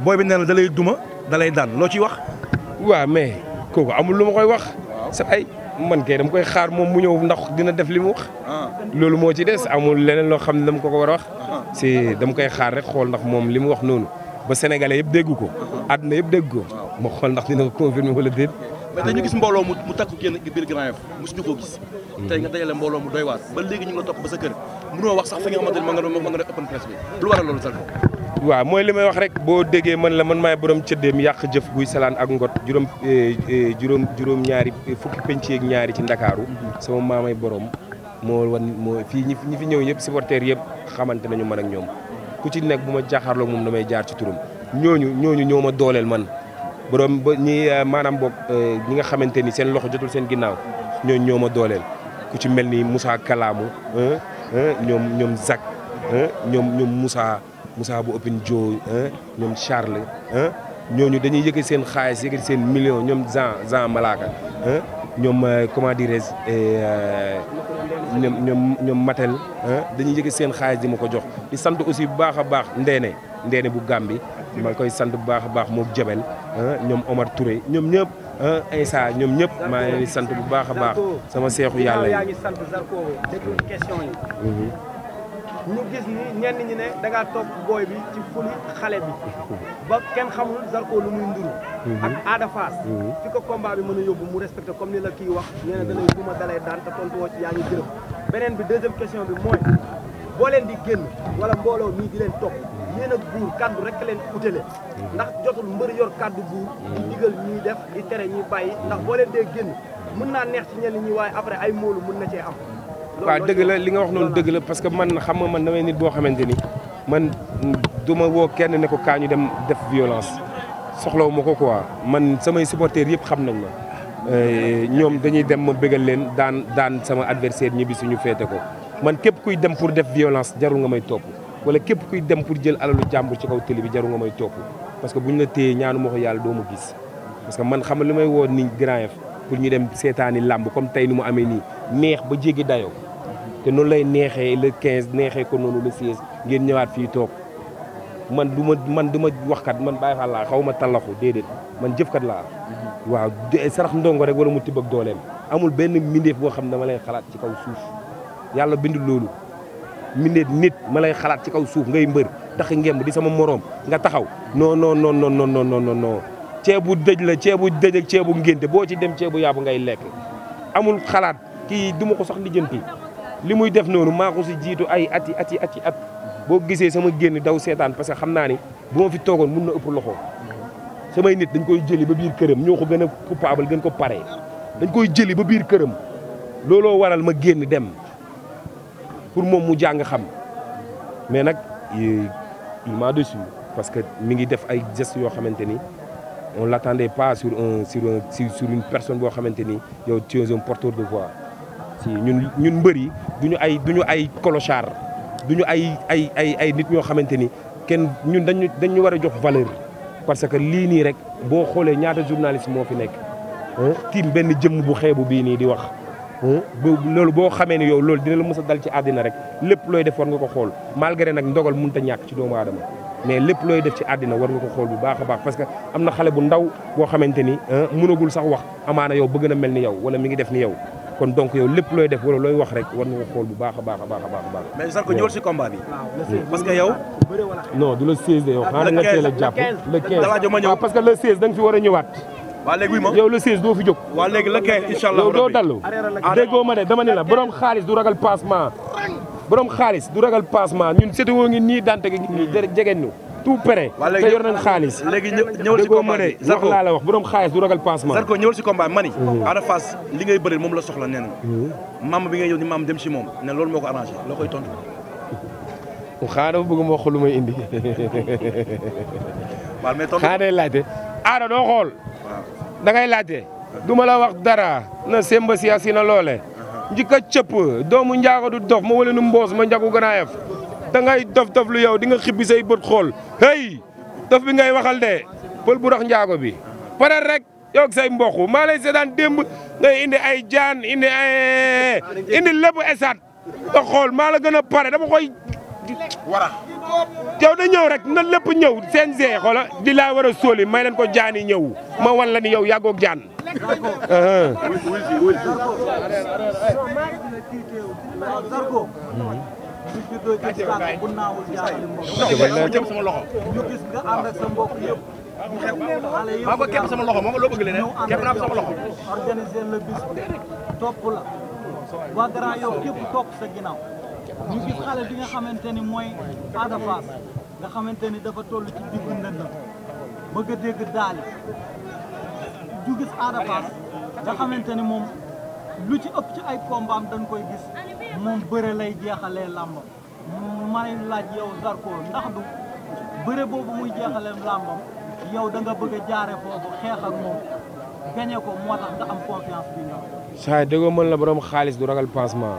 booy bi nee na da duma dalay daan loo ciy wax. waa mais kooku amul lu ma koy wax. sa ay man kay dama koy xaar moom mu ñëw ndax dina def li mu wax. Ah. loolu moo ci des amul leneen loo xam ne dama ko ko war a wax. Ah. si dama koy xaar rek xool ndax moom li mu wax noonu ba sénégalais yëpp dégg ko. Ah. àdduna yëpp dégg ko. ma xool ndax dina ko confirmer wala déet. mais tey mu mu takku génn biir Grand Yoff mosuñu koo gis. Hmm. mu doy waar ba léegi ñu ngi la topp ba sa kër mënoo wax sax fi nga xamante ne ma nga open press bi lu waral loolu sal waaw mooy li may wax rek boo déggee man la man maay borom cëddeem yàq jëf guy salaan ak ngot juróom eh, eh, juróom juróom ñaari eh, fukki penc yeeg ñaari ci ndakaaru mhm. sama maamay borom moo wan moo fii ñi fi ñëw ñëpp supporters yëpp xamante nañu man ak ñoom ku ci nekk bu ma jaaxaarloo moom may jaar ci turam ñooñu ñooñu ñoo ma dooleel man borom ba ñi maanaam boog ñi nga xamante ni seen loxo jotul seen ginnaaw ñooñu ñoo ma dooleel ku ci mel ni Moussa Kalamou ñoom ñoom Zak ñoom ñoom Moussa bu ëppin Dio ñoom Charles ñooñu dañuy yëkkati seen xaalis yëkkati seen million ñoom Jean Jean Malaka ñoom euh, comment dirais-je euh, ñoom ñoom ñoom Matel dañuy yëkkati seen xaalis ji ma ko jox di sant aussi bu baax a baax Ndéné Ndéné bu Gàmbi maa ngi koy sant bu baax a baax moom Jabel ñoom Omar Touré ñoom ñëpp Insa ñoom ñëpp maa bu baax a baax sama seexu yàlla yi. ñu gis ni ñenn ñi ne da ngaa toog booy bi ci fuli xale bi ba kenn xamul Zarko lu muy nduru mhm. ak Ada Fass mhm. fi ko combat bi mën a yóbbu mu respecté comme ni la kiy wax nee na dalay bu ma dalay daan te tontu woo ci yaa ngi jërëm beneen bi deuxième question bi mooy boo leen di génn wala mbooloo mii di leen topp yéen ak buur kaddu rek leen utale mhm. ndax jotul mbër yor kaddu buur di digal ñuy def di tere ñuy bàyyi ndax boo leen dee génn mën naa neex ci ñenn ñi waaye après ay moolu mën na cee am waaw dëgg li nga wax noonu dëgg la parce que man xam nga man na nit boo xamante ni man du ma woo kenn ne ko kaa ñu dem def violence soxlawu ma ko quoi man samay supporters yëpp xam nañ ma eh, ñoom dañuy dem ma bégal leen daan daan sama adversaire ñibbi ñu féete ko man képp kuy dem pour def violence jarul nga may topp wala képp kuy dem pour jël alalu jàmbur ci kaw télé bi jarul nga may topp parce que bu ñu na téyee ñaanu ma yàlla doo ma gis parce que man xam nga li may woo ni Grand pour ñu dem seetaani làmb comme tey ni mu amee nii neex ba jéggi dayoo te noonu lay neexee le quinze neexee ko noonu le 16 ngeen ñëwaat fii toog man du ma man du waxkat man bàyyi xaal laa xaw ma tallaxu déedéet man jëfkat laa waaw sarax ndongo rek wala mu tibb ak dooleem amul benn mbindeef boo xam ne dama xalaat ci kaw suuf yàlla bindul loolu mbindeef nit malay xalaat ci kaw suuf ngay mbër tax ngemb di sama moroom nga taxaw non non non non non non non non ceebu dëj la ceebu dëj ceebu ngénte boo ci dem ceebu yàbb ngay lekk amul xalaat kii du ma ko sax lijjanti li muy def noonu maa ko si jiitu ay ati ati ati at boo gisee sama génn daw seetaan parce que xam naa ni bu ma fi toogoon mun na ëpp loxo samay nit dañ koy jëli ba biir këram ñoo ko gën a coupable gën ko pare dañ koy jëli ba biir këram looloo waral ma génn dem pour moom mu jàng xam mais nag il de déçu parce que mi ngi def ay gestes yoo xamante ni on l'attendait pas sur un sur un sur une personne boo xamante ni yow tu es un de voix si ñun ñun mbër yi duñu ay duñu ay clochard duñu ay ay ay ay nit ñoo xamante ni kenn ñun dañu dañu war a jox valeur parce que lii nii rek boo xoolee ñaata journaliste moo fi nekk tiim benn jëmm bu xeebu bii nii di wax loolu boo xamee ni yow loolu dina la mës a dal ci àddina rek lépp looy def war nga ko xool malgré nag ndogal mënut a ñàkk ci doomu aadama mais lépp looy def ci àddina war nga ko xool bu baax a baax parce que am na xale bu ndaw boo xamante ni mënagul sax wax amaana yow bëgg na mel ni yow wala mi ngi def ni yow kon donc yow lépp looy def wala looy wax rek war nga xool bu baax a baax a baax a baax. mais Zarko ñëwul si combat bi. parce que yow. non du le 16 de yow. xanaa a jàpp le 15 waaw ah, parce que fi war a ñëwaat. waa léegi oui ma yow le 16 doo fi jóg. waa doo dallu. déggoo ma de dama ne la borom xaalis du ragal passement. borom xaalis du ragal passement ñun seetewoo ngi nii dante gi jege ñu tout prêt te yor nañ xaalis léegi ñëwal ci combat bi wax la wax bu doon xaalis du ragal pansement Zarko ñëwal ci combat ma ni mhm. Ada Fass li ngay bëri moom la soxla nee na mhm. maam bi ngay yow ni maam dem ci moom ne loolu moo ko arrangé loo koy tontu xanaa dafa bëgg ma wax lu may indi waaw mais tontu xanaa day laajte Ada doo xool da ngay laajte du ma la wax dara na semba siya si na loole njikka cëpp doomu njaago du dof ma wala nu mboos ma njagu ganaayaf da ngay dof dof lu yow di nga xibbi say bët xool hey dof bi ngay waxal de pël bu dox njaago bi pare rek yow ak say mboq maa lay seetaan démb ngay indi ay jaan indi ay indi lépp esaat nga maa la gën a pare dama koy wara yow da ñëw rek na lépp ñëw seen see xoola di laa war a sóoli may leen ko jaan yi ñëw ma wan la ni yow yàggoog jaan ñu gis nga ànd ak sa mbokk yëpp. maa ko képp sama loxo moom loo bëgg leneen képp naa ko sama loxo. organiser le bis bi topp la waa Grand Yoff képp topp sa ginnaaw ñu gis xale bi nga xamante ni mooy Ada Fass nga xamante ni dafa toll ci diggu ndëndam bëgg a dégg daal ju gis Ada nga xamante ni moom. lu ci ëpp ci ay kombaam dañ koy gis moom bëre lay jeexalee làmb may laaj yow Zarko ndax du bëre boobu muy jeexalee làmbam yow da bëgg jaare foofu xeex ak gañe ko moo tax nga am confiance bi nga saa déggoo mën la borom xaalis du ragal pansement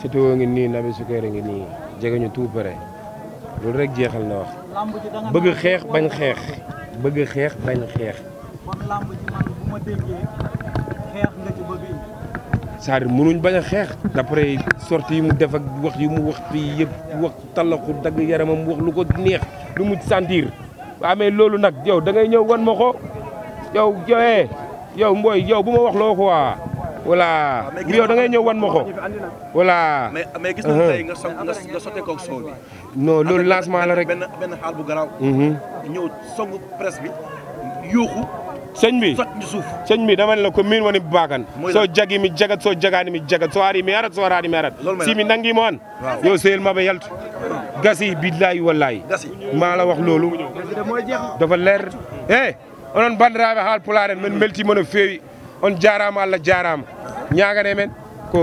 surtout ngi nii nabi sukkëri ngi nii jege ñu tout près loolu rek jeexal na wax bëgg xeex bañ xeex kon làmb ji man bu ma déggee c'est-à-dire mënuñ bañ a xeex d'après sorti yi mu def ak wax yi mu wax fii yëpp wax talaxu dagg yaramam wax lu ko neex lu mu sentir waaw ah, mais loolu nag yow da ngay ñëw wan ma ko yow joxee eh, yow mbooy yow bu ma wax loo quoi ah, voilà yow da ngay ñëw wan ma ko voilà mais mais gis nañ uh-huh. tey nga so nga sote koog soow bi non loolu lancement la rek benn benn xaal bu garaaw mm-hmm. ñëw song presse yuuxu sëñ bi sëñ bi dama la ko min woni bakan so jagi mi jagat so jagani mi arat so arani mi arat si mi nangi mo an yow seyel ma ba yaltu gasi billahi wallahi maa la wax loolu dafa leer eh onon bandiraɓe haalpulaaren min beltimon o feewi on jarama allah jarama ñagane men ko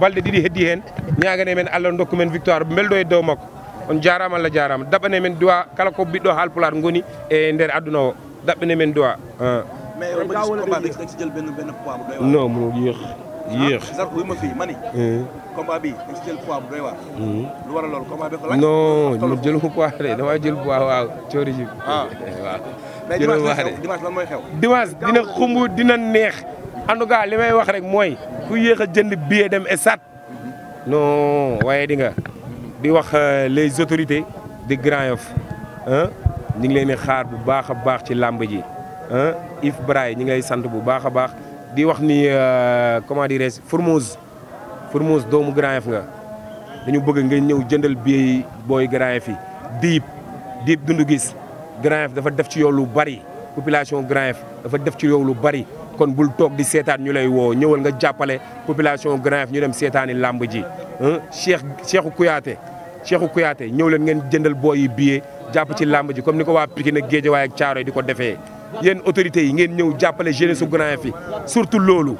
balɗe ɗiɗi heddi hen ñagane men allah dokku men victoire belɗo e dow makko on jarama allah jarama daɓane men duwa kala ko ɓiɗɗo haalpular goni e nder aduna o daɓɓine men dowa ah. mais yow ba gis combat bi da jël benn benn poids bu doy waar. mu ah, ma fii ma ni. Eh. combat bi da ci jël bu doy waar. Hmm. lu waral loolu combat ko laaj. non ñu jël ko poids waaw coori ji. Ah. Eh, waaw dina xumb dina neex. en tout cas li wax rek mooy. ku yéex a jënd billet dem esat. Mhm. non waaye di nga. di wax euh, les autorités de Grand Yoff ah. ñu ngi leen xaar bu baax a baax ci làmb ji ah Yves Braye ñu ngi lay sant bu baax a baax di wax ni euh, comment dirais-je Formose Formose doomu Grand Yoff nga dañu bëgg nga ñëw jëndal bi booy Grand Yoff yi diib diib gis Grand Yoff dafa def ci yow lu bari population Grand Yoff dafa def ci yow lu bari kon bul toog di seetaan ñu lay woo ñëwal nga jàppale population Grand Yoff ñu dem seetaani làmb ji Cheikh Cheikhou Kouyaté kuyaate Kouyaté ñëw leen ngeen jëndal booy yi jàpp ci làmb ji comme ni ko waa Pikine ak Guédiawaye ak Thiaroye di ko defee yéen autorités yi ngeen ñëw jàppale jeunesse su Grand Yoff loolu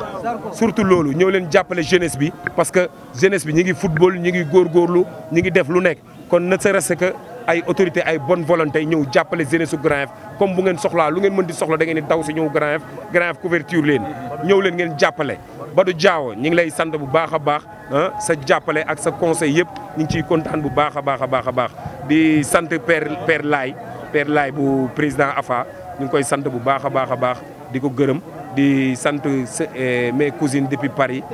surtout loolu ñëw leen jàppale jeunesse bi parce que jeunesse bi ñi ngi football ñi ngi góorlu ñi ngi def lu nekk kon ne serait-ce que ay autorité ay bonne volonté ñëw jàppale jeunesse su Grand Yoff comme bu ngeen soxla lu ngeen mën di soxla da ngeen di daw si ñëw Grand Yoff Grand Yoff couverture leen ñëw leen ngeen jàppale Badou Diawo ñu ngi lay sant bu baax a baax ah, sa jàppale ak sa conseil yëpp ñu ngi ciy kontaan bu baax a baax a baax a baax di sant per père Laay per Laay bu président Afa ñu ngi koy sant bu baax a baax a baax di ko gërëm di sant eh, mes cousines depuis Paris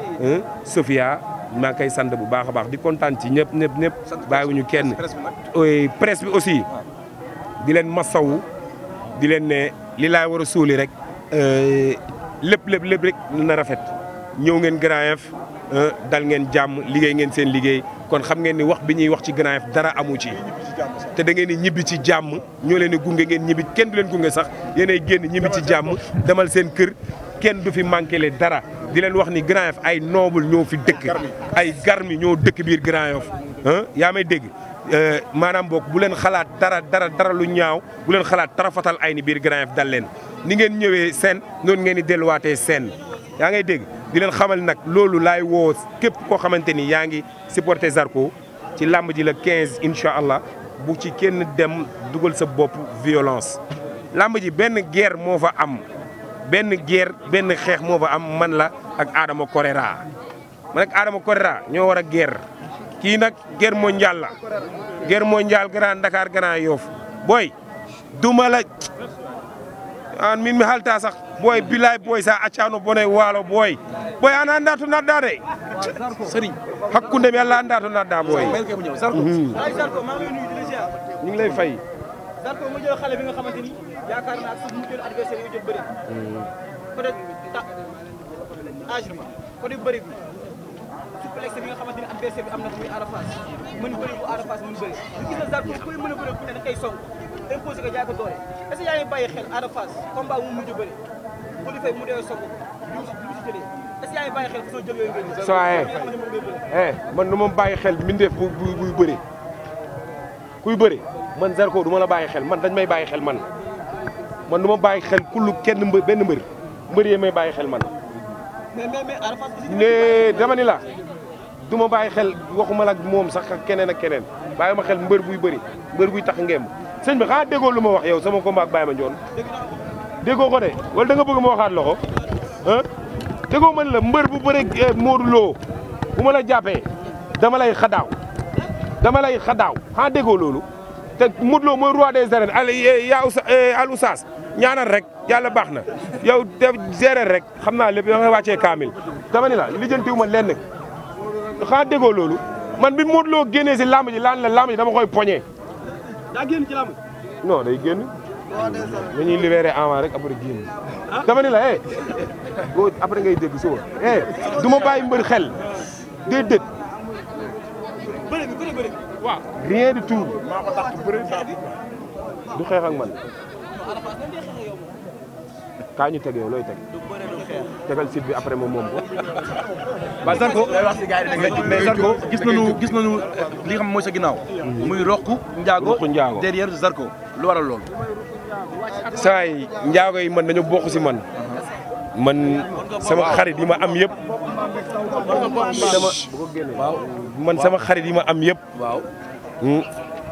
Sophia maa ngi koy sant bu baax a baax di kontaan ci ñëpp ñëpp ñëpp bàyyiwuñu kenn presse bi aussi di leen masawu di leen ne li laay war a suuli rek euh, lépp lépp lépp rek na rafet ñëw ngeen Grand Yoff euh, dal ngeen jàmm liggéey ngeen seen liggéey kon xam ngeen ni wax bi ñuy wax ci Grand Yoff dara amu ci te da ngeen di ñibbi ci jàmm ñoo leen di gunge ngeen ñibbi kenn du leen gunge sax yéenay génn ñibbi ci jàmm demal seen kër kenn du fi manqué le dara di leen wax ni Grand ay noble ñoo fi dëkk ay garmi ñoo dëkk biir Grand Yoff yaa may dégg euh, maanaam boog bu leen xalaat dara dara dara lu ñaaw bu leen xalaat tara fatal ay ni biir Grand Yoff dal leen ni ngeen ñëwee seen noonu ngeen di delluwaatee seen yaa ngay dégg di xamal nag loolu laay woo képp koo xamante ni yaa ngi supporter Zarko ci làmb ji la 15 incha allah bu ci kenn dem dugal sa bopp violence. làmb ji benn guerre moo fa am benn guerre benn xeex moo fa am man la ak Adama Correra man ak Adama Correra ñoo war a guerre kii nag guerre mondiale la guerre mondiale Grand ndakaar Grand yoof booy duma la. an min mi haalta sah boy bilay boy sa accano bone waalo boy boy an annda to naɗɗa de sëriñ hakkude mi allah annda to naɗɗa boy mhm. ñu ngi lay fay Zarko mu jël xale bi nga xamante ni yaakaar naa su mu jël adversaire yu jël bëri mhm. peut être ta âge ma côté bëri bi suplex bi nga xamante ni adversaire bi am na ko muy Ada Fass mën bëri bu Ada Fass mën bëri ñu gis na Zarko koy mën a bëri ku ne da koy song imposé nga jaay ko doole est ce eh. eh, man du ma bàyyi xel mbindeef bu bu buy bëri kuy bëri man Zarko du ma la bàyyi xel man dañ may bàyyi xel man man du ma bàyyi xel kullu kenn mbë benn mbër mbër yee may bàyyi xel man. mais mais mais la du ma bàyyi xel waxuma la ak moom sax ak keneen ak keneen bàyyi ma xel mbër buy bëri mbër buy tax ngeem. sëñ bi xanaa déggoo lu ma wax yaw sama combat baay ma Mandione déggoo ko wal wala da bëgg ma waxaat la ko ah déggoo man la mbër bu bëre eh, Modou Lo bu ma la jàppee dama lay xadaaw dama lay xadaaw xanaa déggoo loolu te Modou loo mooy roi des arènes eh, eh, al yaa al oustaz ñaanal rek yàlla baax na yow def gérer rek xam naa lépp yow wàccee kaamil dama ni la lijjantiwuma lenn xanaa déggoo loolu man bi Modou loo génnee si làmb ji laan la làmb dama koy poñee daa génn ci làmb non day génn. dañuy libéré avant rek après génn. Ah. dama ni la eh. boo après ngay dégg suba eh du ma bàyyi mbër xel déedéet. bëri du tout. man. kaa ñu bi après moom moom ko. gis nañu eh, li ginnaaw. muy Roqu Ndiago Roqu Ndiago derrière saa yi Ndiago yi man dañoo bokk si man. man sama xarit yi ma am yëpp. sama man sama xarit yi ma am yëpp. waaw. Hmm,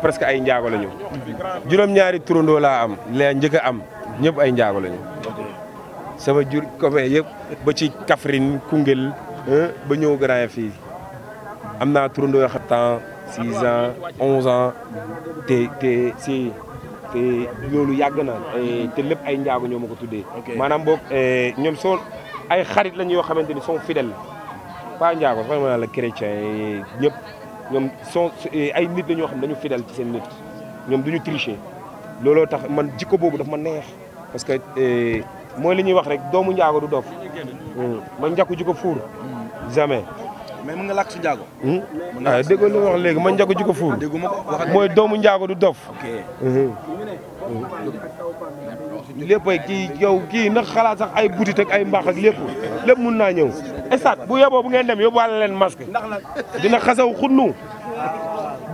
presque ay njaago la ñu. juróom-ñaari turandoo laa am laa njëkk am. ñëpp ay njaago lañu sama jur copain yëpp ba ci Kaffrine Koungheul ba ñëw Grand fii am naa turandoo yoo xam temps six ans onze ans te te si te loolu yàgg na te lépp ay njaago ñoo ma ko tuddee maanaam boog ñoom soo ay xarit lañ yoo xamante ni sont fidèles pas njaago sax ma la chrétien ñëpp ñoom sont ay nit la ñoo xam ne dañu fidèles ci seen nit ñoom duñu tricher looloo tax man jikko boobu daf ma neex parce que eh, mooy li ñuy wax rek doomu njaago du dof hmm. man njaku ji ko fuur hmm. jamais mais mu nga lakk su njaago hmm? ah wax léegi man njaku ji ko fuur ah, mooy doomu njaago du dof lépp ay kii yow kii nag xalaat sax ay butit ay mbaax ak lépp lépp mun naa ñëw estat bu yeboo bu ngeen dem yóbbuwaale leen masque dina xasaw xunnu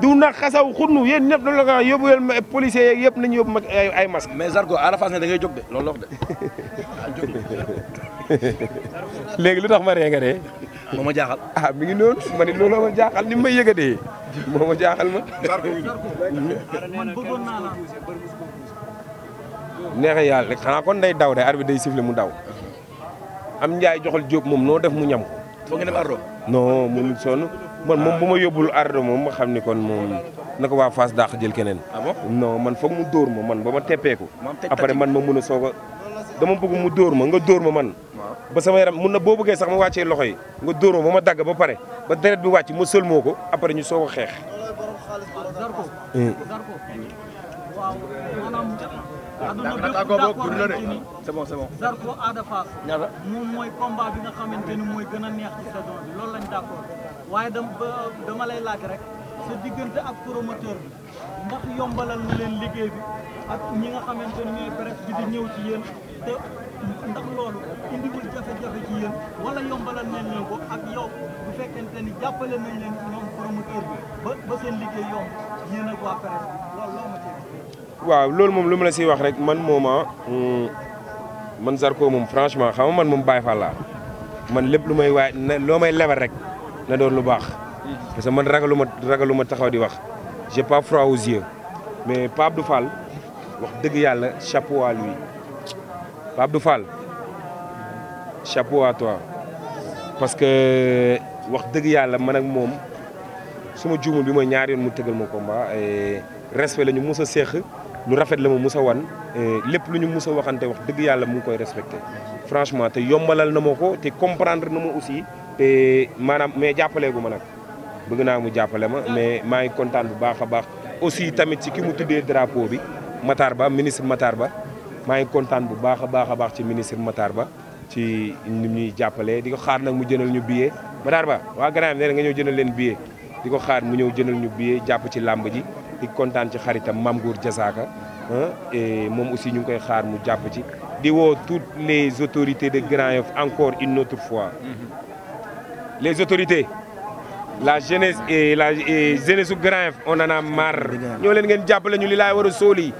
du na xasaw xunnu yéen ñëpp loolu la ko wax yóbbu ma policiers yeeg yëpp nañu yóbbu ma ay masque. mais Zarko à ne da ngay jóg de loolu la de. léegi lu tax ma ree nga de. moo ma jaaxal. Ah, mi ngi noonu ma ne looloo jaaxal ni ma yëgatee moo ma jaaxal ma. man bëggoon naa la. kon day daw de arbitre day siffler mu daw. am njaay joxal jóob moom noo def mu ñam ko. foog nga dem man moom ah, bu ma yóbbul ardo moom ma xam ni kon moom na ko waa Fass dàq jël keneen. Ah non man foog mu dóor ma man ba ma teppeeku. après man ma mun a soog a dama bëgg mu dóor ma nga dóor ma man. ba sama yaram mun na boo bëggee sax ma wàccee loxo yi nga dóor ma ba ma dagg ba pare ba deret bi wàcc ma sëlmoo ko après ñu soog a xeex. Hmm. c'est mooy combat bi nga xamante ni mooy gën a neex ci saison bi loolu lañ d'accord waaye dama dama lay laaj rek sa diggante ak promoteur ndax yombalal na liggéey bi ak ñi ñooy presse bi ñëw ci yéen te ndax loolu indiwul jafe-jafe ci yéen wala yombalal nañ leen ak yow bu ni jàppale nañ leen ñoom promoteur bi ba seen liggéey yomb yéen ak waa presse waaw loolu moom lu ma la siy wax rek man mooma ah, hmm, man Zarko moom franchement xam nga man moom Baye Fall man lépp lu may waay loo may lebal rek na doon lu baax. Hmm. parce que man ragalu ma ragalu ma taxaw di wax j'ai pas froid aux yeux mais Pape Abdou Fall wax dëgg yàlla chapeau à lui Pape Abdou Fall chapeau à toi parce que wax dëgg yàlla man ak moom suma juumul bi mooy ñaari yoon mu tëgal ma combat respect la ñu mus a seex lu rafet la ma mus a wan lépp lu ñu mus a waxante wax dëgg yàlla mu ngi koy respecté franchement te yombalal na ma ko te comprendre na ma aussi. te maanaam mais jàppaleegu ma nag bëgg naa mu jàppale ma mais maa ngi kontaan bu baax a baax aussi tamit ci ki mu tuddee drapeau bi Matar Ba ministre Matar Ba maa ngi kontaan bu baax a baax a baax ci ministre Matar Ba ci ni ñuy jàppale di ko xaar nag mu jënal ñu billet Matar Ba waa Garaam nee na nga ñëw jënal leen billet di ko xaar mu ñëw jënal ñu billet jàpp ci làmb ji di kontaan ci xaritam mam góor Gour Diazaka et moom aussi ñu ngi koy xaar mu jàpp ci di woo toutes les autorités de Grand Yoff encore une autre fois mm-hmm. les autorités la jeunesse et la jeunesse su Grand Yoff on en a marre ñoo leen ngeen jàppale ñu li laay war a sóoli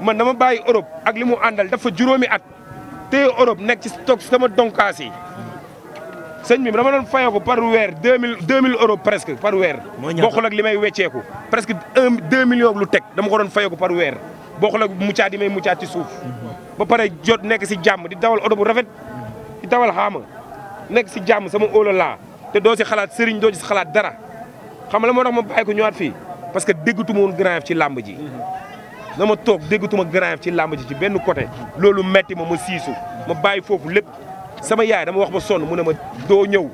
man dama bàyyi Europe ak li mu àndal dafa juróomi at te Europe nekk ci toog sama donkaas yi sëñ bi dama doon fayoo ko par weer deux mille deux mille euros presque par weer. bokkul ak li may wecceeku presque un deux millions lu teg dama ko doon fayoo ko par weer bokkul ak muccaat yi may muccaat ci suuf. Mhm. ba pare jot nekk si jàmm di dawal oto bu rafet di dawal xaama. nekk si jàmm sama óola laa te doo si xalaat sëriñ doo si xalaat dara xam la moo tax ma bàyyi ko ñëwaat fii parce que déggatuma woon Grand ci làmb ji mm-hmm. ma toog déggatuma Grand ci làmb ji ci benn côté loolu metti ma ma siisu ma bàyyi foofu lépp sama yaay dama wax ba sonn mu ne ma doo ñëw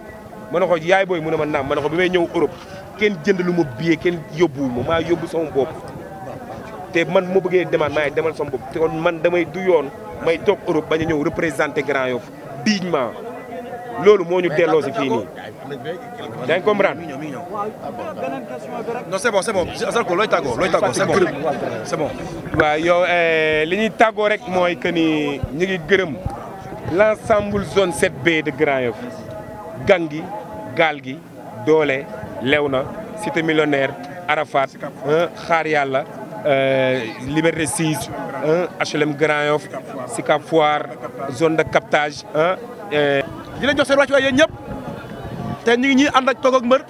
ma ne ko yaay booy mu ne ma naam ma ne ko bi may ñëw Europe kenn jënd lu ma billet kenn yóbbuwul ma maa yóbbu sama bopp te man ma bëggee demaat maay demal sama bopp te kon man damay du yoon toog Europe bañ a ñëw représenté Grand Yoff dignement loolu moo ñu delloo si fii nii yaa ngi comprendre. non bon c'est bon looy tàggoo looy tàggoo c'est bon c'est bon. waaw yow eh, li ñuy tàggoo rek mooy que ni ñu ngi gërëm l'ensemble zone 7B de Grand Yoff gang gi gaal gi doole lew na cité millionnaire Arafat xaar yàlla eh, Liberté 6 HLM Grand Yoff Sicap Foire zone de captage. Eh. di jox jox seen wàccuwaay yéen ñëpp te ñu ngi ñuy ànd ak toog ak mbër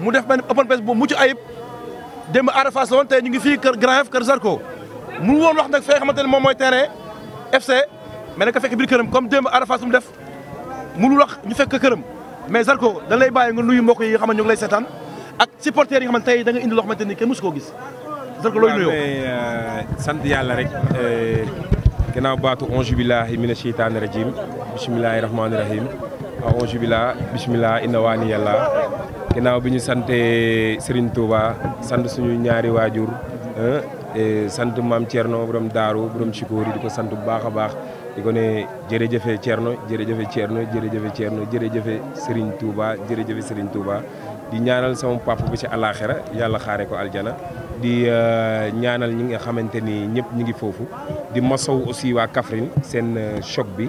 mu def benn open press bu mucc ayib démb arafas la te ñu ngi fii kër Grand F kër Zarko mu woon wax nag fee xamante ne moom mooy terrain FC mais nag ka fekk biir këram comme démb arafas mu def mënul wax ñu fekk këram mais Zarko da lay bàyyi nga nuyu mbokk yi nga xam ne ñu ngi lay seetaan ak supporters yi nga xam tey da indi loo xamante ni kenn mosu koo gis Zarko looy nuyoo euh, sant yàlla rek euh, ginnaaw baatu onge billahi mina sheytaani rajim bisimilahi rahmaani rahim aonge bila bisimilah inna waani yàlla ginnaaw bi ñu santee Serigne Touba sant suñu ñaari waajur eh, eh, sant maam Thierno borom daaru borom Chikoor yi di ko sant bu baax a baax di ko ne jërëjëfe Thierno jërëjëfe Thierno jërëjëfe Thierno jërëjëfe Serigne Touba jërëjëfe Serigne Touba di ñaanal sama papa bi ci àllaaxira yàlla xaare ko aljana di eh, ñaanal ñi nga xamante ni ñëpp ñu ngi foofu di masaw aussi waa Kaffrine seen choc bi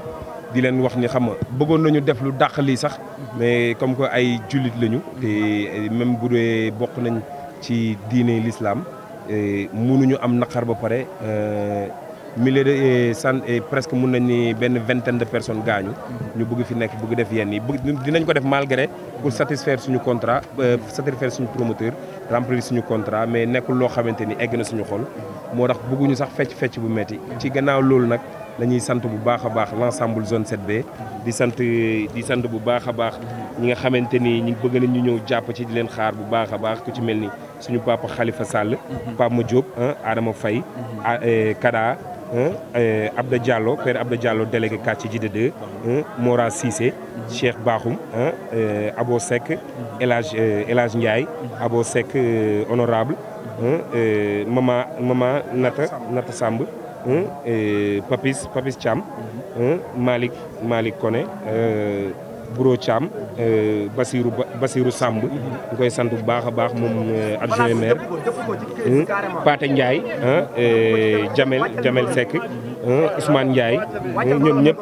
di leen wax ni xam nga bëggoon nañu def lu dàq lii sax mais comme que ay jullit lañu te eh, même bu dee bokk nañ ci diine lislaam l'islam eh, mënuñu am naqar ba pare euh, milliers de eh, cent et presque mun nañ ni benn vingtaine de personnes gaañu. ñu bugg fi nekk bugg def yenn yi bëgg dinañ ko def malgré pour satisfaire suñu contrat euh, satisfaire suñu promoteur remplir suñu contrat mais nekkul loo xamante ni egg na suñu xol moo tax bëgguñu sax fecc fecc bu metti ci gannaaw loolu nag. dañuy sant bu baax a baax l' ensemble zone 7 di sant di sant bu baax a baax ñi nga xamante ni ñu bëgg nañ ñu ñëw jàpp ci di leen xaar bu baax a baax ku ci mel ni suñu papa Khalifa Sall mhm. Papa Diop Adama Faye mhm. euh, Kada euh, Abda Diallo père Abda Diallo délégué quartier Djidda ji Mora Cissé mhm. Cheikh Bakhoum euh, Abo baaxum aboo Hadj El Hadj Ndiaye Abo Seck honorable mama mama Nata Nata Samb Papis Papis Thiam Malick Malick Koné euh, Buro Thiam euh, Basirou Basirou Samb ñu koy sant bu baax a baax moom euh, adjoint maire Paate Ndiaye Jamel Jamel Seck Ousmane Ndiaye ñoom ñëpp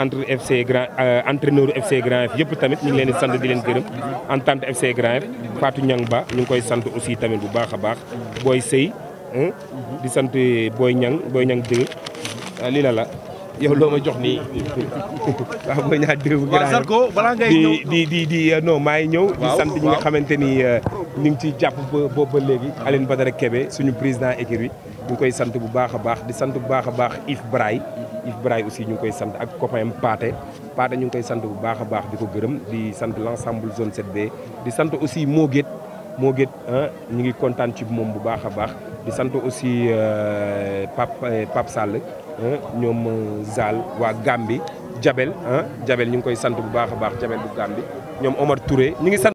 entre e Grand entraîneur FC Grand F yëpp tamit ñu ngi leen di sant di leen gërëm entente FC Grand F Fatou Niang Ba ñu ngi koy sant aussi tamit bu baax a baax booy sëy di sant Boy Niang Boy Niang 2 ah, lii la la loo ma jox nii waaw Boy Niang 2 bu gën di di euh, maa ngi ñëw sant ñi nga xamante ni euh, ñu ngi ciy jàpp ba boobu ba léegi ah. Aline Badara Kébé suñu président écurie ñu koy sant bu baax a baax di sant bu baax a baax Yves Braille Yves Braille aussi ñu ngi koy sant ak copain Paate Paate ñu ngi koy sant bu baax a baax di ko gërëm di sant l' ensemble zone 7 di sant aussi Moguet Moguet ñu ngi kontaan ci moom bu baax a baax di sant aussi euh, Pape euh, Pape Sall ñoom euh, Zal waa Gambi Jabel ah Jabel ñu ngi koy sant bu baax a baax Jabel bu Gambi ñoom Omar Touré ñu ngi sant.